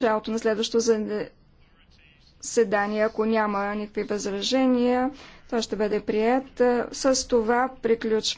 началото на следващото заседание, ако няма никакви възражения, то ще бъде прият. С това приключва.